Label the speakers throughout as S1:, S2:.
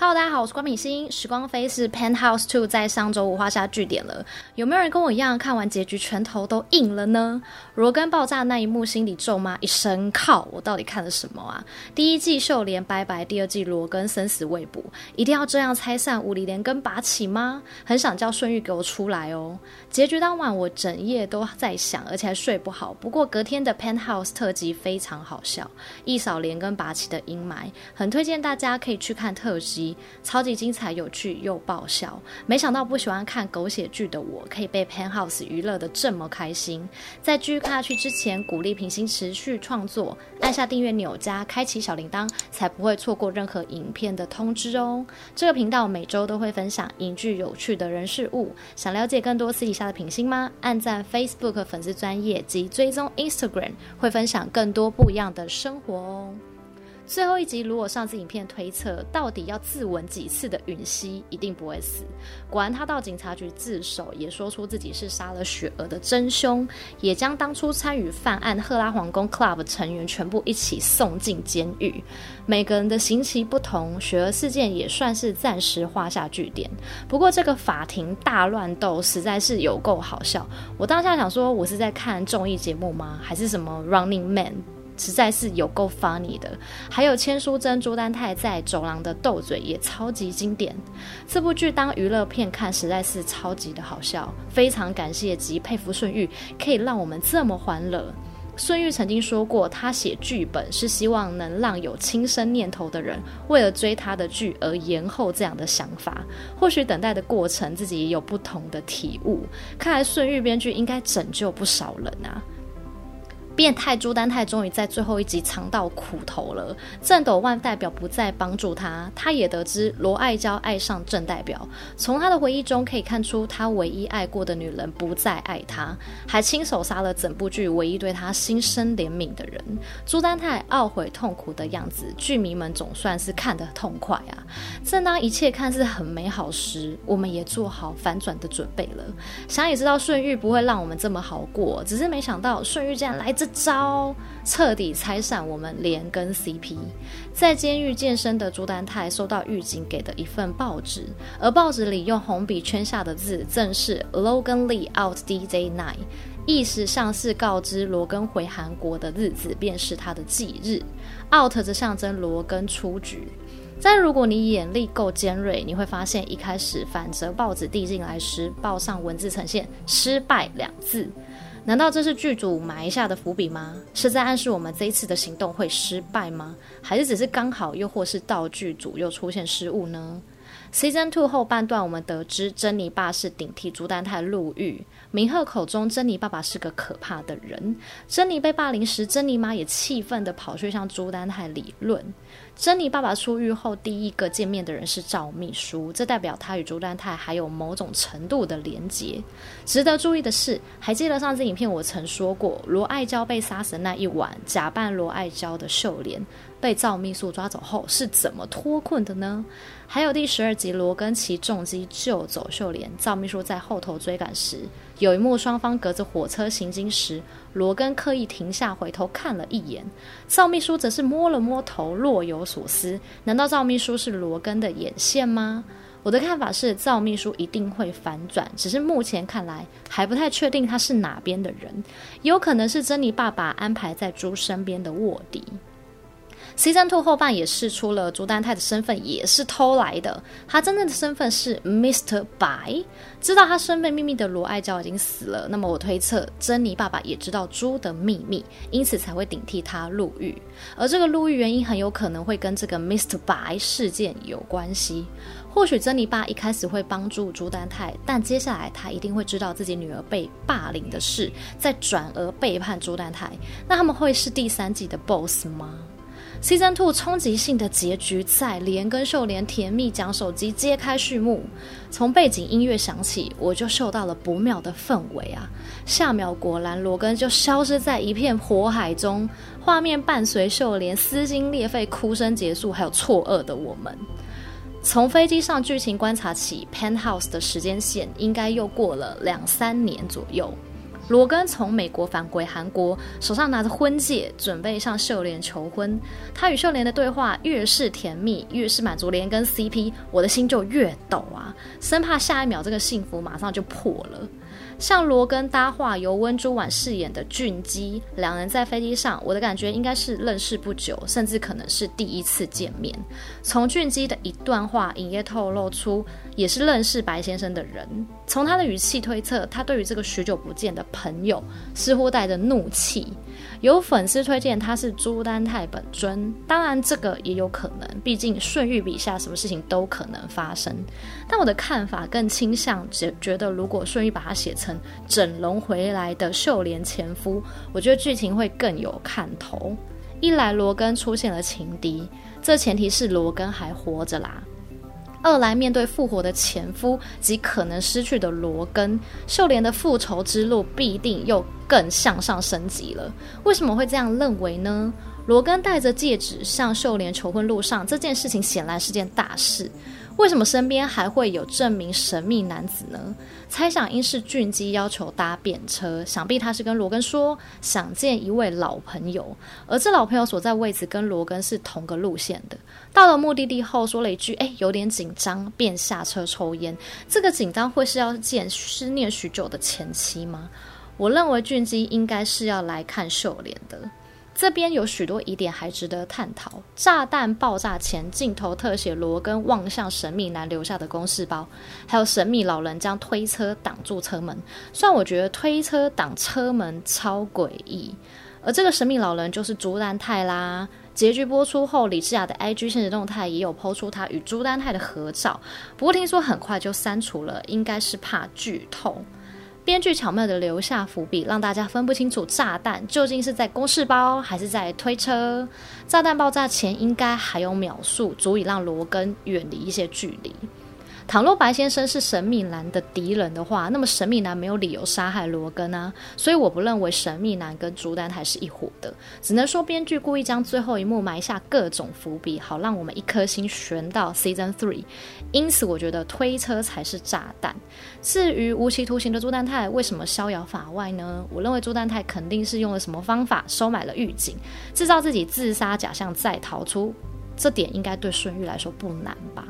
S1: Hello，大家好，我是官品心。時光飛逝，Penthouse Two 在上周五畫下句點了，有沒有人跟我一樣看完結局拳頭都硬了呢？羅根爆炸那一幕，心裡咒罵一聲靠，我到底看了什麼啊？第一季秀蓮拜拜，第二季羅根生死未卜，一定要這樣拆散，無理連根拔起嗎？很想叫順玉給我出來哦。結局當晚我整夜都在想，而且還睡不好。不過隔天的 Penthouse 特輯非常好笑，一掃連根拔起的陰霾，很推薦大家可以去看特輯。超級精彩、有趣又爆笑！沒想到不喜歡看狗血劇的我，可以被 Penthouse 娛樂得這麼開心。在繼續看下去之前，鼓勵品心持續創作，按下訂閱鈕加開啟小鈴鐺，才不會錯過任何影片的通知哦。這個頻道每周都會分享影劇有趣的人事物，想了解更多私底下的品心嗎？按讚 Facebook 粉絲專頁及追蹤 Instagram，會分享更多不一樣的生活哦。最後一集，如果上次影片推測，到底要自刎幾次的允熙一定不會死。果然，他到警察局自首，也說出自己是殺了雪娥的真凶，也將當初參與犯案赫拉皇宮 Club 成員全部一起送進監獄。每個人的刑期不同，雪娥事件也算是暫時畫下句點。不過，這個法庭大亂鬥實在是有夠好笑。我當下想說，我是在看綜藝節目嗎？還是什麼 Running Man？實在是有夠 funny 的，還有千書珍、朱丹泰在走廊的鬥嘴也超級經典。這部劇當娛樂片看，實在是超級的好笑。非常感謝及佩服順玉，可以讓我們這麼歡樂。順玉曾經說過，他寫劇本是希望能讓有輕生念頭的人，為了追他的劇而延後這樣的想法。或許等待的過程，自己也有不同的體悟。看來順玉編劇應該拯救不少人啊。變態朱丹泰終於在最後一集嘗到苦頭了，鄭斗萬代表不再幫助他，他也得知羅愛嬌愛上鄭代表。從他的回憶中可以看出，他唯一愛過的女人不再愛他，還親手殺了整部劇唯一對他心生憐憫的人。朱丹泰懊悔痛苦的樣子，劇迷們總算是看得很痛快啊！正當一切看似很美好時，我們也做好反轉的準備了。想也知道順玉不會讓我們這麼好過，只是沒想到順玉竟然來這招徹底拆散我們連根 CP，在監獄健身的朱丹泰收到獄警給的一份報紙，而報紙裡用紅筆圈下的字正是 Logan Lee Out DJ Night，意思上是告知羅根回韓國的日子便是他的忌日。Out 則象徵羅根出局。但如果你眼力夠尖銳，你會發現一開始反折報紙遞進來時，報上文字呈現失敗兩字。難道這是劇組埋下的伏筆嗎？是在暗示我們這一次的行動會失敗嗎？還是只是剛好，又或是道具組又出現失誤呢？Season Two 後半段，我們得知珍妮爸是頂替朱丹泰入獄。明赫口中，珍妮爸爸是個可怕的人。珍妮被霸凌時，珍妮媽也氣憤地跑去向朱丹泰理論。珍妮爸爸出獄後，第一個見面的人是趙秘書，這代表他與朱丹泰還有某種程度的連結。值得注意的是，還記得上次影片我曾說過，羅愛嬌被殺死的那一晚，假扮羅愛嬌的秀蓮被趙秘書抓走後，是怎麼脫困的呢？還有第十二集，羅根騎重機救走秀蓮，趙秘書在後頭追趕時，有一幕雙方隔着火車行經時，羅根刻意停下，回頭看了一眼，趙秘書則是摸了摸頭，若有所思。難道趙秘書是羅根的眼線嗎？我的看法是，趙秘書一定會反轉，只是目前看來還不太確定他是哪邊的人，有可能是珍妮爸爸安排在朱身邊的臥底。Season 2後半也釋出了朱丹泰的身份也是偷來的，他真正的身份是 Mr 白。知道他身份秘密的羅愛嬌已經死了，那麼我推測珍妮爸爸也知道朱的秘密，因此才會頂替他入獄。而這個入獄原因很有可能會跟這個 Mr 白事件有關係。或許珍妮爸一開始會幫助朱丹泰，但接下來他一定會知道自己女兒被霸凌的事，再轉而背叛朱丹泰。那他們會是第三季的 BOSS 嗎？Season 2衝擊性的結局在連跟秀蓮甜蜜講手機揭開序幕，從背景音樂響起，我就嗅到了不妙的氛圍啊！下秒果然羅根就消失在一片火海中，畫面伴隨秀蓮撕心裂肺哭聲結束，還有錯愕的我們。從飛機上劇情觀察起，Penthouse 的時間線應該又過了兩三年左右。羅根從美國返回韓國，手上拿着婚戒，準備向秀蓮求婚。他與秀蓮的對話越是甜蜜，越是滿足蓮根 CP，我的心就越抖啊，生怕下一秒這個幸福馬上就破了。像羅根搭話由溫朱菀飾演的俊基，兩人在飛機上，我的感覺應該是認識不久，甚至可能是第一次見面。從俊基的一段話隱約透露出，也是認識白先生的人。從他的語氣推測，他對於這個許久不見的朋友似乎帶着怒氣。有粉絲推薦他是朱丹泰本尊，當然這個也有可能，畢竟順玉筆下什麼事情都可能發生。但我的看法更傾向覺覺得，如果順玉把他寫成。整容回來的秀蓮前夫，我覺得劇情會更有看頭。一來羅根出現了情敵，這前提是羅根還活着啦；二來面對復活的前夫及可能失去的羅根，秀蓮的復仇之路必定又更向上升級了。為什麼會這樣認為呢？羅根帶着戒指向秀蓮求婚路上，這件事情顯然是件大事。為什麼身邊還會有這名神秘男子呢？猜想應是俊基要求搭便車，想必他是跟羅根說想見一位老朋友，而這老朋友所在位置跟羅根是同個路線的。到了目的地後，說了一句“誒、欸，有點緊張”，便下車抽煙。這個緊張會是要見思念許久的前妻嗎？我認為俊基應該是要來看秀蓮的。這邊有許多疑點還值得探討。炸彈爆炸前，鏡頭特寫羅根望向神秘男留下的公事包，還有神秘老人將推車擋住車門，雖然我覺得推車擋車門超詭異。而這個神秘老人就是朱丹泰啦。結局播出後，李智雅的 IG 限時動態也有拋出他與朱丹泰的合照，不過聽說很快就刪除了，應該是怕劇透。編劇巧妙地留下伏筆，讓大家分不清楚炸彈究竟是在公事包還是在推車。炸彈爆炸前應該還有秒數，足以讓羅根遠離一些距離。倘若白先生是神秘男的敵人的話，那麼神秘男沒有理由殺害羅根啊。所以我不認為神秘男跟朱丹泰是一夥的，只能說編劇故意將最後一幕埋下各種伏筆，好讓我們一顆心懸到 Season Three。因此，我覺得推車才是炸彈。至於無期徒刑的朱丹泰為什麼逍遙法外呢？我認為朱丹泰肯定是用了什麼方法收買了獄警，制造自己自殺假象再逃出，這點應該對順玉來說不難吧。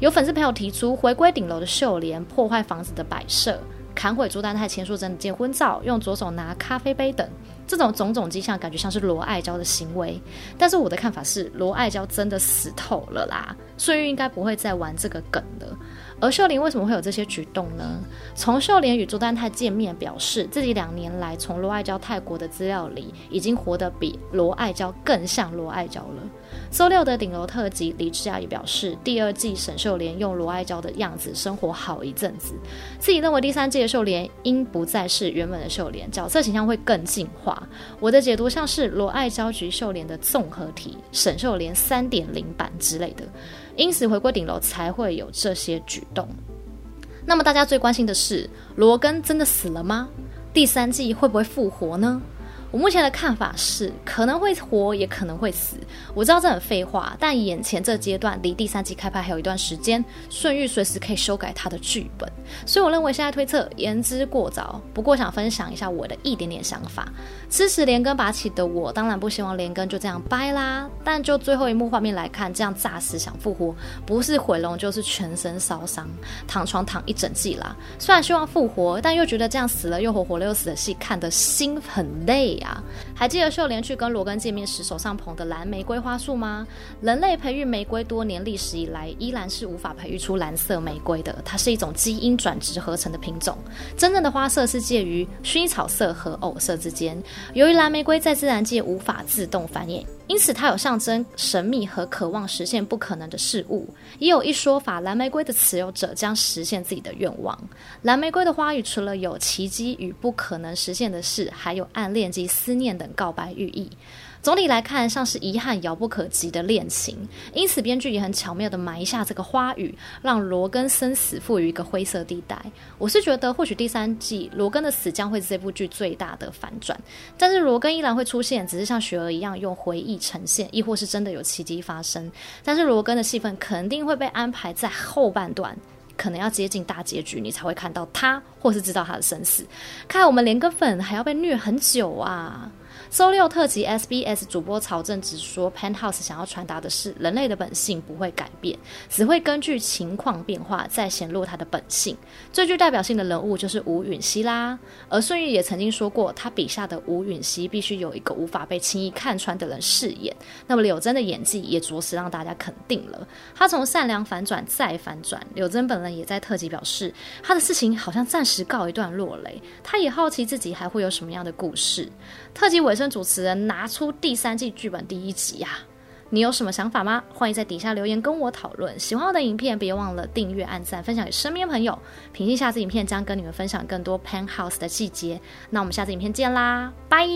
S1: 有粉絲朋友提出，回歸頂樓的秀蓮破壞房子的擺設，砍毀朱丹泰、千瑞珍的結婚照，用左手拿咖啡杯等，這種種種跡象，感覺像是羅愛嬌的行為。但是我的看法是，羅愛嬌真的死透了啦，歲月應該不會再玩這個梗了。而秀蓮為什麼會有這些舉動呢？從秀蓮與朱丹泰見面，表示自己兩年來從羅愛嬌泰國的資料裡，已經活得比羅愛嬌更像羅愛嬌了。週六的頂樓特輯，李智雅也表示，第二季沈秀蓮用羅愛嬌的樣子生活好一陣子，自己認為第三季的秀蓮應不再是原本的秀蓮，角色形象會更進化。我的解讀像是羅愛嬌與秀蓮的綜合體，沈秀蓮三點零版之類的，因此回歸頂樓才會有這些舉動。那麼大家最關心的是，羅根真的死了嗎？第三季會不會復活呢？我目前的看法是，可能會活也可能會死。我知道這很廢話，但眼前這階段離第三季開拍還有一段時間，順玉隨時可以修改他的劇本，所以我認為現在推測言之過早。不過想分享一下我的一點點想法。支持連根拔起的我，當然不希望連根就這樣掰啦。但就最後一幕畫面來看，這樣炸死想復活，不是毀容就是全身燒傷，躺床躺一整季啦。雖然希望復活，但又覺得這樣死了又活，活了又死的戲，看得心很累。啊、還記得秀蓮去跟羅根見面時手上捧的藍玫瑰花束嗎？人類培育玫瑰多年歷史以來，依然是無法培育出藍色玫瑰的。它是一種基因轉植合成的品種，真正的花色是介於薰衣草色和藕色之間。由於藍玫瑰在自然界無法自動繁衍，因此，它有象徵神秘和渴望實現不可能的事物。也有一說法，藍玫瑰的持有者將實現自己的願望。藍玫瑰的花語除了有奇蹟與不可能實現的事，還有暗戀及思念等告白寓意。總體來看，像是遺憾、遙不可及的戀情。因此，編劇也很巧妙地埋下這個花語，讓羅根生死賦予一個灰色地帶。我是覺得，或許第三季羅根的死將會是這部劇最大的反轉，但是羅根依然會出現，只是像雪兒一樣用回憶。呈現，亦或是真的有奇蹟發生，但是羅根的戲份肯定會被安排在後半段，可能要接近大結局，你才會看到他，或是知道他的生死。看來我們蓮根粉還要被虐很久啊！周六特輯 SBS 主播曹正直說，Penthouse 想要傳達的是人類的本性不會改變，只會根據情況變化再顯露他的本性。最具代表性的人物就是吳允熙啦。而順玉也曾經說過，他筆下的吳允熙必須有一個無法被輕易看穿的人飾演。那麼柳真的演技也着實讓大家肯定了。他從善良反轉再反轉，柳真本人也在特輯表示，他的事情好像暫時告一段落雷，他也好奇自己還會有什麼樣的故事。特輯尾聲。主持人拿出第三季劇本第一集呀、啊！你有什麼想法嗎？歡迎在底下留言跟我討論。喜歡我的影片，別忘了訂閱、按讚、分享給身邊朋友。平日下次影片將跟你們分享更多《Penthouse》的細節。那我們下次影片見啦，拜！